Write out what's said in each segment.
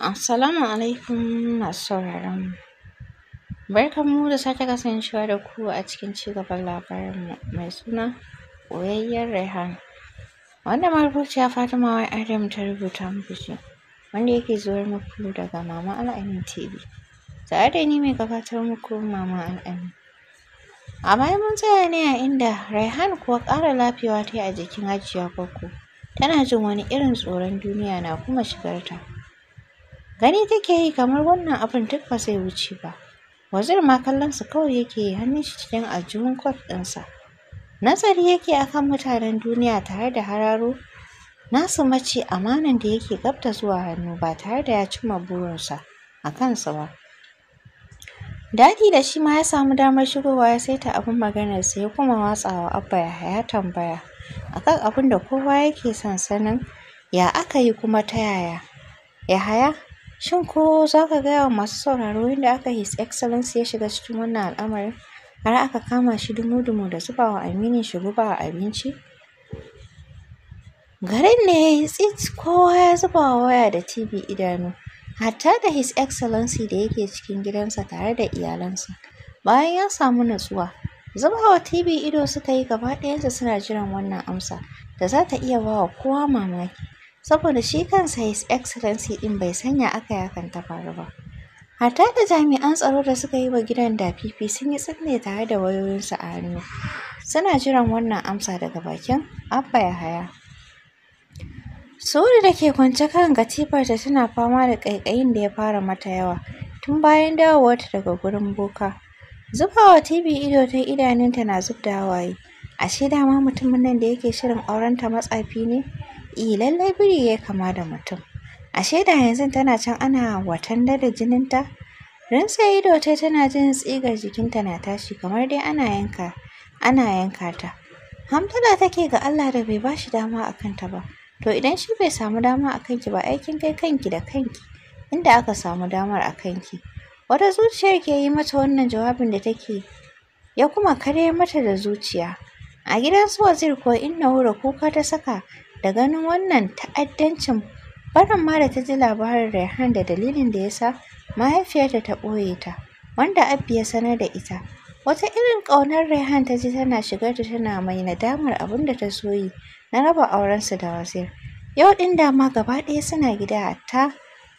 Assalamu alaikum masu sauraron mu. Barkan mu da sake kasancewa da ku a cikin cigaban labarin mu mai suna ɓoyayyiyar Raihana. Wanda marubuciya Fatima Y Adam ta rubuta muku wanda yake zuwar muku daga Mama Al'amin TV. Tare da ni mai gabatar muku Mama Al'amin. A baya mun tsaya ne a inda Raihan kuwa ƙara lafiya ta yi a jikin Hajiya Gwaggo. Tana jin wani irin tsoron duniya na kuma shigarta. Gani take yi kamar wannan abin duk ba zai wuce ba. Wazir ma kallon kallonsa kawai yake yi hannun shi cikin aljihun kwat ɗinsa. Nazari yake akan mutanen duniya tare da hararo nasu mace amanan da yake gabta zuwa hannu ba tare da ya cimma burinsa a kansa ba. Dadi da shi ma ya samu damar shigowa ya saita abin maganarsa ya kuma watsawa Abba ya tambaya akan abin da kowa yake son sanin ya aka yi kuma ta yaya. Yahaya Shin ko za ka gaya wa masu sauraro yadda aka His Excellency ya shiga cikin wannan al'amarin har aka kama shi dumu-dumu da zuba wa aminin shigo ba abinci? Garin ne ya yi tsit kowa ya zuba wa waya da TV idanu, hatta da His Excellency da yake cikin gidansa tare da iyalansa. Bayan ya samu natsuwa, zuba wa TV ido suka yi gaba ɗayansa suna jiran wannan amsa da za ta iya ba wa kowa mamaki. saboda shi kansa His Excellency din bai sanya aka yakan ta ba. Hatta da jami'an tsaro da suka yi wa gidan da fifi sun yi tsinne tare da wayoyinsu a hannu. Suna jiran wannan amsa daga bakin Abba Yahaya. Suri da ke kwance kan ta tana fama da ƙaiƙayin da ya fara mata yawa tun bayan dawowarta daga gurin boka. Zubawa TV ido ta idanunta na zub da hawaye. Ashe dama mutumin nan da yake shirin aurenta matsafi ne? I lallai biri ya kama da mutum. a shaida yanzu tana can ana watan da jininta? Rinsa ido ta tana jin tsigar jikinta na tashi kamar dai ana yanka ana yanka ta. Hamdala take ga Allah da bai bashi dama a kanta ba. To idan shi bai samu dama a kanki ba aikin kai kanki da kanki inda aka samu damar a kanki. Wata zuciyar ke yi mata wannan jawabin da take ya kuma karya mata da zuciya. A gidan su Wazir ko Inna Hura kuka ta saka da ganin wannan ta'addancin barin ma da ta ji labarin Rehan da dalilin da ya sa mahaifiyarta ta ɓoye ta wanda Abbi ya sanar da ita wata irin ƙaunar Rehan ta ji tana shigar shigarta tana mai nadamar abin da ta so yi na raba aurensu da Wasir yau ɗin dama gaba ɗaya suna gida ta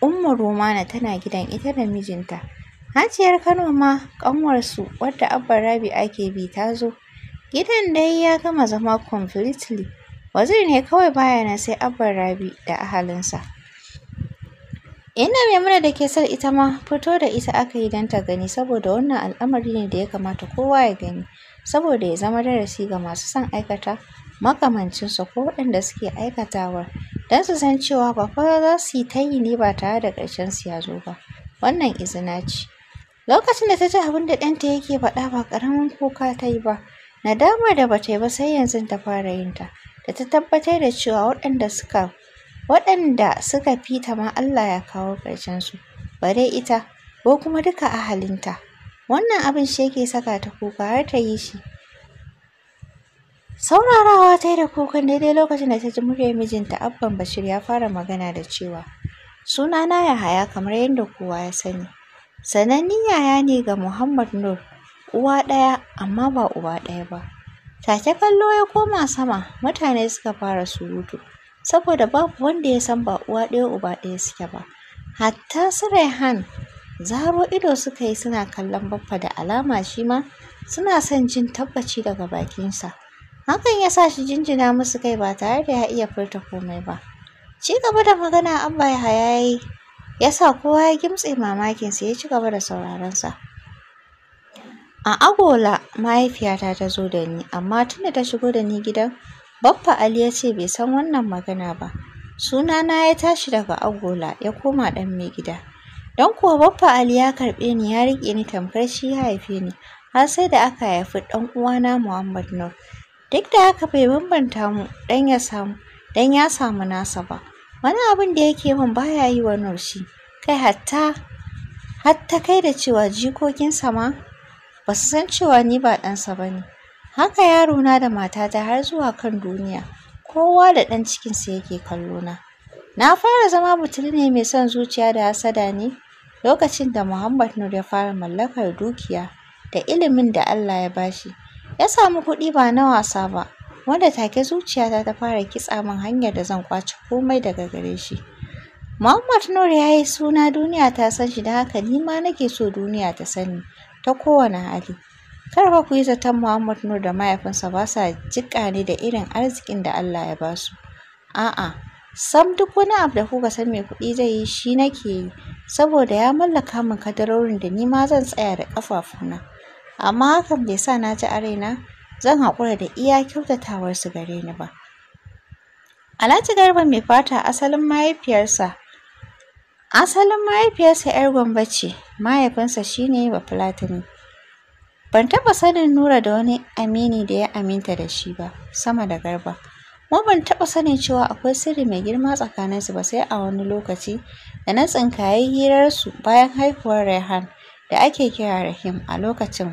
Umma Romana tana gidan ita da mijinta Hajiyar Kano ma ƙanwarsu wadda Abba Rabi ke bi ta zo gidan dai ya gama zama completely wazir ne kawai baya na, sai Abban Rabi da ahalinsa. Ina Maimuna da ke son ita ma fito da ita aka yi don ta gani saboda wannan al'amari ne da ya kamata kowa ya gani saboda ya zama darasi ga masu son aikata makamancinsu, ko waɗanda suke aikatawar don su san cewa ba fa za su yi ta yi ne ba tare da ƙarshen su ya zo ba. Wannan izina ce. Lokacin da ta ji abin da ɗanta yake faɗa ba ƙaramin kuka ta yi ba, nadamar da ba ta yi ba sai yanzu ta fara yin ta. da ta tabbatar da cewa waɗanda suka waɗanda suka fi ta ma Allah ya kawo ƙarshensu bare ita ko kuma duka ahalinta wannan abin shi yake saka ta kuka har ta yi shi saurarawa ta yi da kukan daidai lokacin da ta ji muryar mijinta abban bashir ya fara magana da cewa Suna sunana yahaya kamar yadda kowa ya sani Sananniyaya ya ne ga muhammad nur uwa ɗaya amma ba uwa ɗaya ba Take kallo ya koma sama, mutane suka fara surutu, saboda babu wanda ya san ba uwa ɗaya uba ɗaya suke ba. Hatta su Rehan, zaro ido suka yi suna kallon Baffa da alama shi ma suna son jin tabbaci daga bakinsa. Hakan ya sa shi jinjina musu kai ba tare da ya iya furta komai ba. Ci gaba da magana Abba Yahaya ya yi, ya sa kowa ya gimtse mamakinsa ya ci gaba da sauraronsa. A Agola mahaifiyata ta zo da ni amma tunda ta shigo da ni gidan Baffa Ali ya ce bai san wannan magana ba. Suna na ya tashi daga Agola ya koma ɗan gida. Don kuwa Baffa Ali ya karɓe ni ya riƙe ni tamkar shi ya haife ni har sai da aka haifi ɗan uwana Muhammad Nur. Duk da haka bai bambanta mu dan ya samu dan ya samu nasa ba. Wani abin da yake min baya yi wa Nur shi kai hatta hatta kai da cewa jikokinsa ma ba su san cewa ni ba ɗansa ba ne. Haka yaro na da matata har zuwa kan duniya, kowa da ɗan cikinsa yake kallona. Na fara zama mutum ne mai son zuciya da hasada ne lokacin da Muhammad Nur ya fara mallakar dukiya da ilimin da Allah ya bashi. Ya samu kuɗi ba na wasa ba, wanda take zuciyata ta fara kitsa min hanyar da zan kwace komai daga gare shi. Muhammad Nur ya yi suna duniya ta san shi da haka ni ma nake so duniya ta sani. ta kowane hali. Kar fa ku yi zaton Muhammad Nur da mahaifinsa ba sa jiƙa ne da irin arzikin da Allah ya ba su. A'a, sam duk wani abu da kuka san mai kuɗi zai yi shi nake yi, saboda ya mallaka min kadarorin da ni ma zan tsaya da ƙafafuna. Amma hakan bai sa na ji a raina zan haƙura da iya kyautatawar su gare ni ba. Alhaji Garba mai fata asalin mahaifiyarsa Asalin mahaifiyarsa 'yar Gombe ce, mahaifinsa shine ne Bafulatani. Ban taɓa sanin Nura da wani amini da ya aminta da shi ba, sama da Garba. Kuma ban taba sanin cewa akwai sirri mai girma tsakaninsu ba sai a wani lokaci da na tsinkaye hirarsu bayan haihuwar Rehan da ake kira Rahim a lokacin.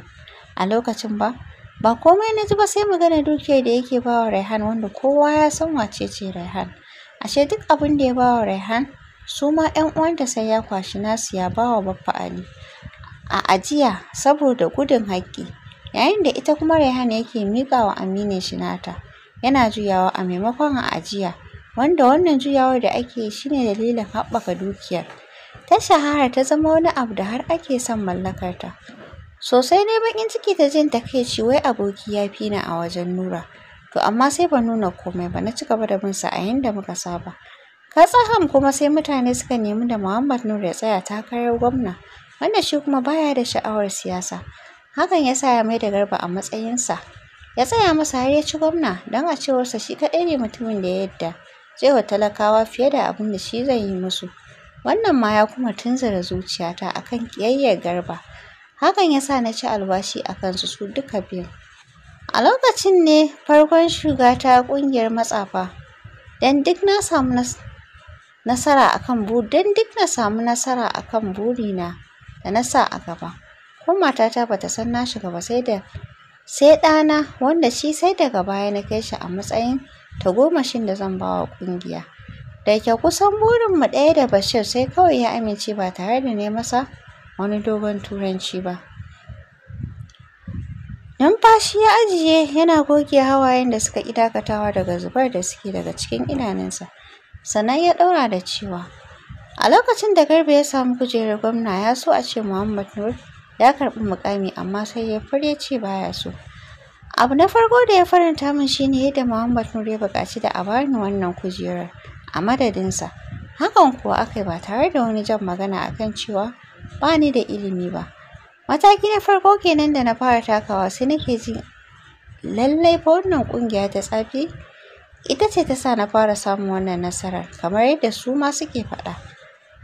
A lokacin ba, ba komai na ji ba sai magana dukiyar da yake ba wa Rehan wanda kowa ya san wace ce Rehan. Ashe duk abin da ya bawa wa Rehan Su ma 'yan uwanta sai ya kwashi nasu ya ba wa Baffa Ali a ajiya saboda gudun haƙƙi, yayin da ita kuma Rayhana yake miƙa wa aminin shi nata, yana juyawa a maimakon a ajiya, wanda wannan juyawar da ake yi shine dalilin haɓaka dukiyar. Ta shahara ta zama wani abu da har ake son ta Sosai na baƙin ciki da jin takaici wai aboki ya fi ni a wajen Nura, to amma sai ba nuna komai ba na cigaba da bin sa a yanda muka saba. Katsaham kuma sai mutane suka nemi da Muhammad Nur ya tsaya takarar gwamna, wanda shi kuma baya da sha'awar siyasa. Hakan ya sa ya mai da Garba a matsayinsa. Ya tsaya masa har ya ci gwamna don a cewarsa shi kaɗai ne mutumin da ya yadda zai wa talakawa fiye da abin da shi zai yi musu. Wannan ma ya kuma tunzura zuciyata a kan ƙiyayyar Garba. Hakan ya sa na ci albashi a kansu su duka biyun. A lokacin ne farkon shiga ta ƙungiyar matsafa, don duk na samu nasara akan buri dan duk na samu nasara akan na da na sa a gaba ko matata bata san na shiga ba sai da sai ɗana wanda shi sai daga baya na kai shi a matsayin ta tagomashin da zan bawa ƙungiya da ke kusan burinmu ɗaya da Bashir sai kawai ya amince ba tare da ne masa wani dogon turanci ba numfashi ya ajiye yana goge hawayen da suka ƙi dakatawa daga zubar da suke daga cikin idanunsa sannan ya ɗaura da cewa a lokacin da garba ya samu kujerar gwamna ya so a ce muhammad nur ya karɓi mukami amma sai ya fure ce baya so abu na farko da ya faranta min shine yadda muhammad nur ya buƙaci da a bani wannan kujerar a madadinsa hakan kuwa aka yi ba tare da wani jan magana akan cewa ba ni da ilimi ba mataki na farko kenan da na fara takawa sai nake ji lallai fa wannan ƙungiya ta tsafi ita ce ta sa na fara samun wannan nasarar kamar yadda su ma suke faɗa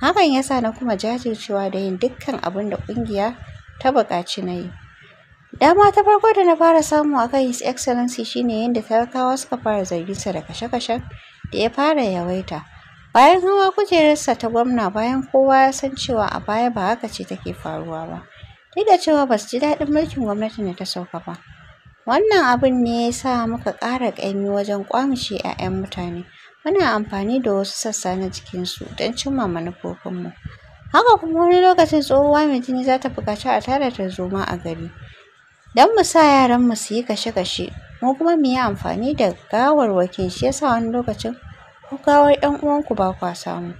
hakan ya sa na kuma jajircewa da yin dukkan abin da ƙungiya ta buƙaci na yi dama ta farko da na fara samu a kan his excellency shine yadda talakawa suka fara sa da kashe-kashen da ya fara yawaita bayan hawa kujerarsa ta gwamna bayan kowa ya san cewa a baya ba haka ce take faruwa ba duk da cewa ba su ji daɗin mulkin gwamnatin da ta sauka ba Wannan abun ne ya sa muka ƙara ƙaimi wajen ƙwamishe 'ya'yan mutane, muna amfani da wasu sassa na jikinsu don cimma manufofinmu. Haka kuma wani lokacin tsohuwa mai jini za ta buƙaci a tara tarzoma a gari don mu sa yaranmu su yi kashe-kashe, mu kuma mu yi amfani da gawarwakin shi ya sa wani lokacin ko gawar 'yan uwanku ba kwa samu.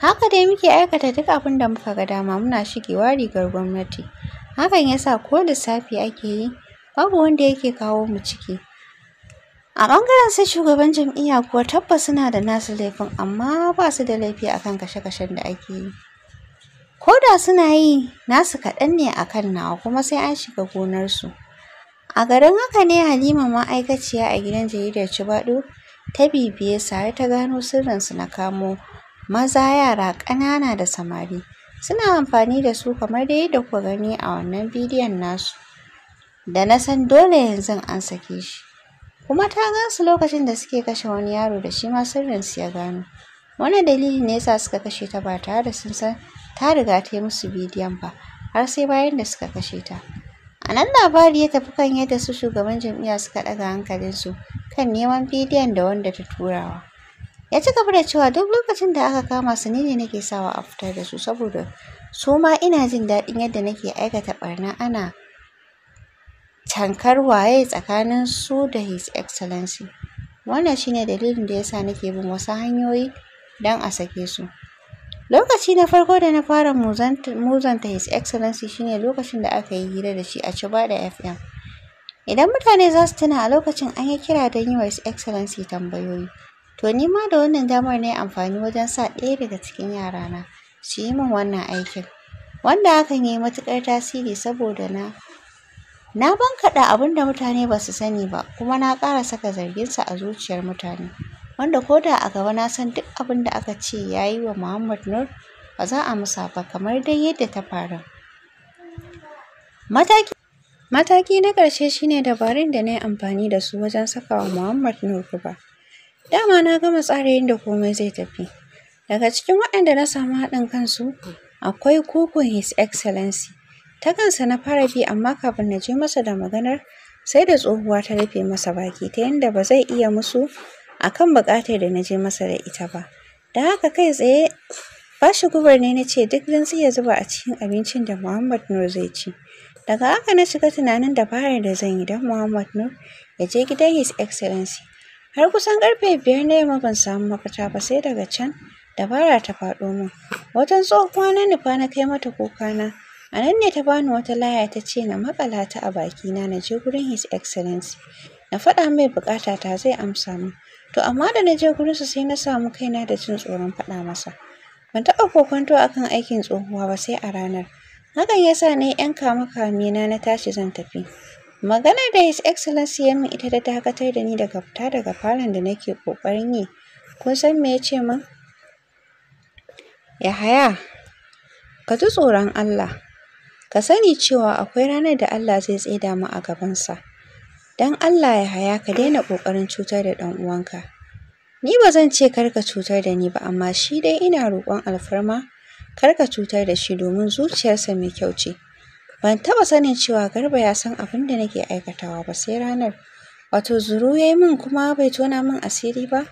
Haka dai muke aikata duk abin da muka ga dama muna shigewa rigar gwamnati. Hakan ya sa ko lissafi ake yi babu wanda yake kawo mu ciki a ɓangaren sai shugaban jam'iyya kuwa tabbas suna da nasu laifin amma ba su da laifi akan kashe-kashen da ake yi ko da suna yi nasu kaɗan ne a kan nawa kuma sai an shiga gonarsu a garin haka ne halima ma'aikaciya a gidan jaridar cibaɗo ta bibiye sare ta gano sirrinsu na kamo maza yara ƙanana da samari suna amfani da su kamar dai da ku gani a wannan bidiyon nasu da na san dole yanzu an sake shi kuma ta gansu lokacin da suke kashe wani yaro da shi ma su ya gano Wani dalili ne yasa suka kashe ta ba tare da sun san ta riga ta yi musu bidiyon ba har sai bayan da suka kashe ta a nan labari ya tafi kan yadda su shugaban jam'iyya suka ɗaga hankalinsu kan neman bidiyon da wanda ta turawa ya ci gaba da cewa duk lokacin da aka kama su ni ne nake sawa a fitar da su saboda su ma ina jin daɗin yadda nake aikata ɓarna ana tankar waye tsakanin su da His Excellency. Wannan shine dalilin da yasa nake bin wasu hanyoyi don a sake su. Lokaci na farko da na fara muzanta His Excellency shine lokacin da aka yi hira da shi a da FM. Idan mutane za su tuna a lokacin an yi kira don yi wa His Excellency tambayoyi. To ni ma da wannan damar na yi amfani wajen sa ɗaya daga cikin yarana su yi min wannan aikin. Wanda hakan ya yi matuƙar tasiri saboda na Na bankaɗa abin da mutane ba su sani ba kuma na ƙara saka zarginsa a zuciyar mutane, wanda ko da a gaba na san duk abin da aka ce ya yi wa Muhammad Nur ba za a musa ba kamar dai yadda ta fara. Mataki Mataki na ƙarshe shi ne dabarun da na yi amfani da su wajen saka wa Muhammad Nur guba. Dama na gama tsara yadda komai zai tafi. Daga cikin waɗanda na samu haɗin kansu akwai Kukun His Excellency. Ta kansa na fara bi amma kafin na je masa da maganar sai da tsohuwa ta rufe masa baki ta yanda ba zai iya musu a kan bukatar da na je masa da ita ba. Da haka kai tsaye bashi gubar ne na ce duk rintsi ya zuba a cikin abincin da Muhammad Nur zai ci. Daga haka na shiga tunanin dabarar da zan yi don Muhammad Nur ya je gidan His Excellency. Har kusan karfe biyar na yamma ban samu mafita ba sai daga can dabara ta faɗo min. Wajen tsohuwa na nufa na kai mata kukana. A nan ne ta bani wata laya ta ce na maƙala ta a bakina na je gurin His Excellency. Na faɗa mai ta zai amsa min. To amma da na je gurinsa sai na samu kaina da jin tsoron faɗa masa. Ban taɓa kokwanto kan aikin tsohuwa ba sai a ranar. Hakan ya sa na yi ‘yan na tashi zan tafi. Maganar da His Excellency ya min ita ta dakatar da ni daga fita daga falon da nake ƙoƙarin yi. Kun san me ya ce min? Yahaya, ka ji tsoron Allah. Ka sani cewa akwai ranar da Allah zai tseda mu a gabansa. Don Allah ya haya ka daina ƙoƙarin cutar da ɗan uwanka. Ni ba zan ce kar ka cutar da ni ba amma shi dai ina roƙon alfarma kar ka cutar da shi domin zuciyarsa mai kyau ce. Ban taɓa sanin cewa Garba ya san abin da nake aikatawa ba sai ranar. Wato zuru ya yi min kuma bai tona min asiri ba.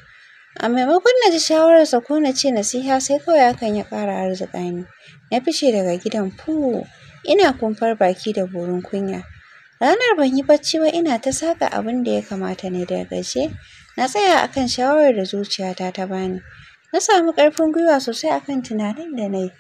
A maimakon na ji shawararsa ko na ce nasiha sai kawai hakan ya ƙara harzuƙa ni. Na fice daga gidan fu. Ina kumfar baki da borin kunya. Ranar ban yi bacci ba ina ta saka abin da ya kamata ne daga ƙarshe. Na tsaya a kan shawarar da zuciyata ta bani. Na samu ƙarfin gwiwa sosai a kan tunanin da na yi.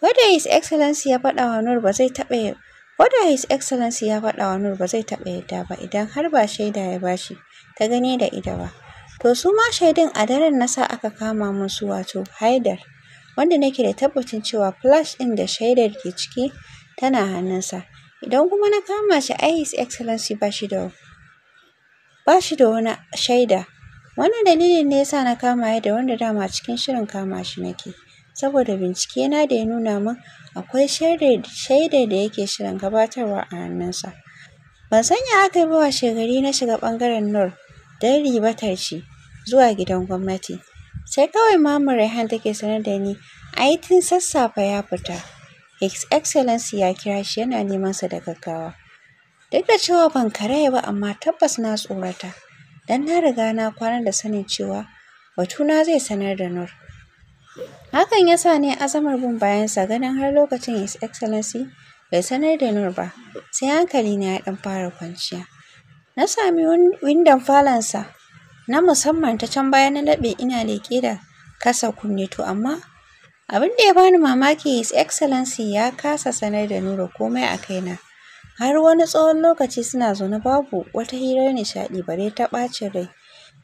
Ko da His Excellency ya faɗa wa Nur ba zai taɓa Ko da His Excellency ya faɗa wa Nur ba zai taɓa yadda ba idan har ba shaida ya bashi ta gani da ido ba. To su ma shaidun a daren na sa aka kama musu su wato Haidar wanda nake da tabbacin cewa flash ɗin da shaidar ke ciki tana hannunsa. Idan kuma na kama shi ai His Excellency ba shi da ba shi da wani shaida. Wannan dalilin ne yasa na kama shi da wanda dama cikin shirin kama shi nake. Saboda bincike na da ya nuna min akwai shaidar da yake shirin gabatarwa a hannunsa. Ban san ya aka yi ba washegari na shiga ɓangaren Nur don ribatar shi zuwa gidan gwamnati. Sai kawai Maman Raihan take sanar da ni ai tun sassafe ya fita. His Excellency ya kira shi yana neman sa da gaggawa. Duk da cewa ban karaya ba amma tabbas na tsorata, don na riga na kwana da sanin cewa batuna zai sanar da Nur. Hakan ya sa ne azamar bin bayansa ganin har lokacin His Excellency bai sanar da Nur ba, sai hankali na ya ɗan fara kwanciya. Na sami windon falonsa na musamman ta can bayan na laɓe ina leƙe da kasa kunne to amma Abin da ya bani mamaki His Excellency ya kasa sanar da Nura komai a kaina. Har wani tsawon lokaci suna zaune babu wata hirar nishaɗi bare ta ɓacin rai.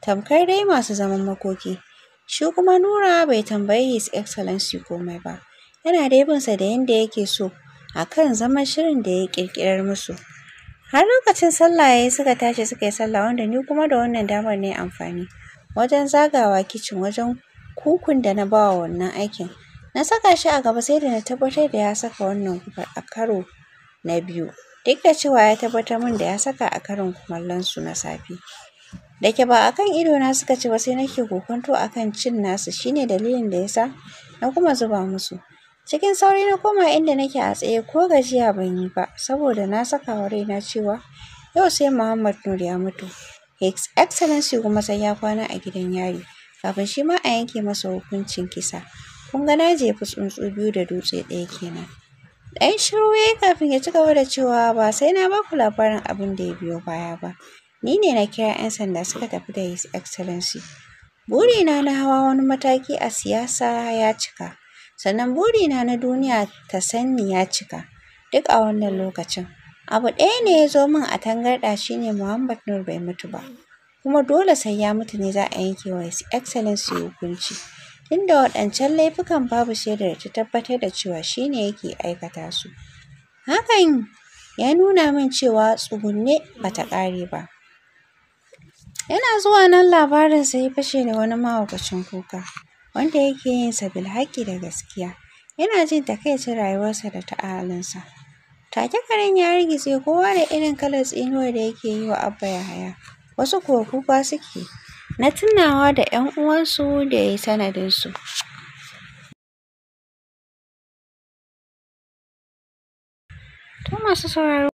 Tamkar dai masu zaman makoki. Shi kuma Nura bai tambayi His Excellency komai ba. Yana dai binsa da yanda yake so a kan zaman shirin da ya ƙirƙirar musu. Har lokacin sallah ya suka tashi suka yi sallah wanda ni kuma da wannan damar na amfani wajen zagawa kicin wajen kukun da na bawa wannan aikin. Na saka shi a gaba sai da na tabbatar da ya saka wannan kufar a karo na biyu. Duk da cewa ya tabbatar min da ya saka a karin kumallon su na safe. Da ke ba a kan na suka ci ba sai nake kokonto a kan cin nasu shine dalilin da ya sa na kuma zuba musu. Cikin sauri na koma inda nake a tsaye ko gajiya ban yi ba saboda na saka wa raina cewa yau sai Muhammad Nur ya mutu. His Excellency kuma sai ya kwana a gidan yari kafin shi ma a yanke masa hukuncin kisa. kun ga na jefi tsuntsu biyu da dutse ɗaya kenan ɗan shiru ya yi kafin ya ci gaba da cewa ba sai na baku labarin abin da ya biyo baya ba ni ne na kira 'yan sanda suka tafi da his excellency burina na hawa wani mataki a siyasa ya cika sannan burina na duniya ta sanni ya cika duk a wannan lokacin abu ɗaya ne ya zo min a tangarɗa shine muhammad nur bai mutu ba kuma dole sai ya mutu ne za a yanke wa his excellency hukunci inda waɗancan laifukan babu shaidar da ta tabbatar da cewa shi ne yake aikata su. Hakan ya nuna min cewa tsugunne ba ta ƙare ba. Yana zuwa nan labarinsa ya fashe da wani mahaukacin kuka wanda yake yin sa bilhaƙi da gaskiya. Yana jin takaicin rayuwarsa da ta ahalinsa. Take karen ya hargitse kowa da irin kalar tsinuwar da yake yi wa Abba Yahaya, wasu kuwa kuka suke. na tunawa da ‘yan uwansu da ya yi sanadinsu. To masu sauraro.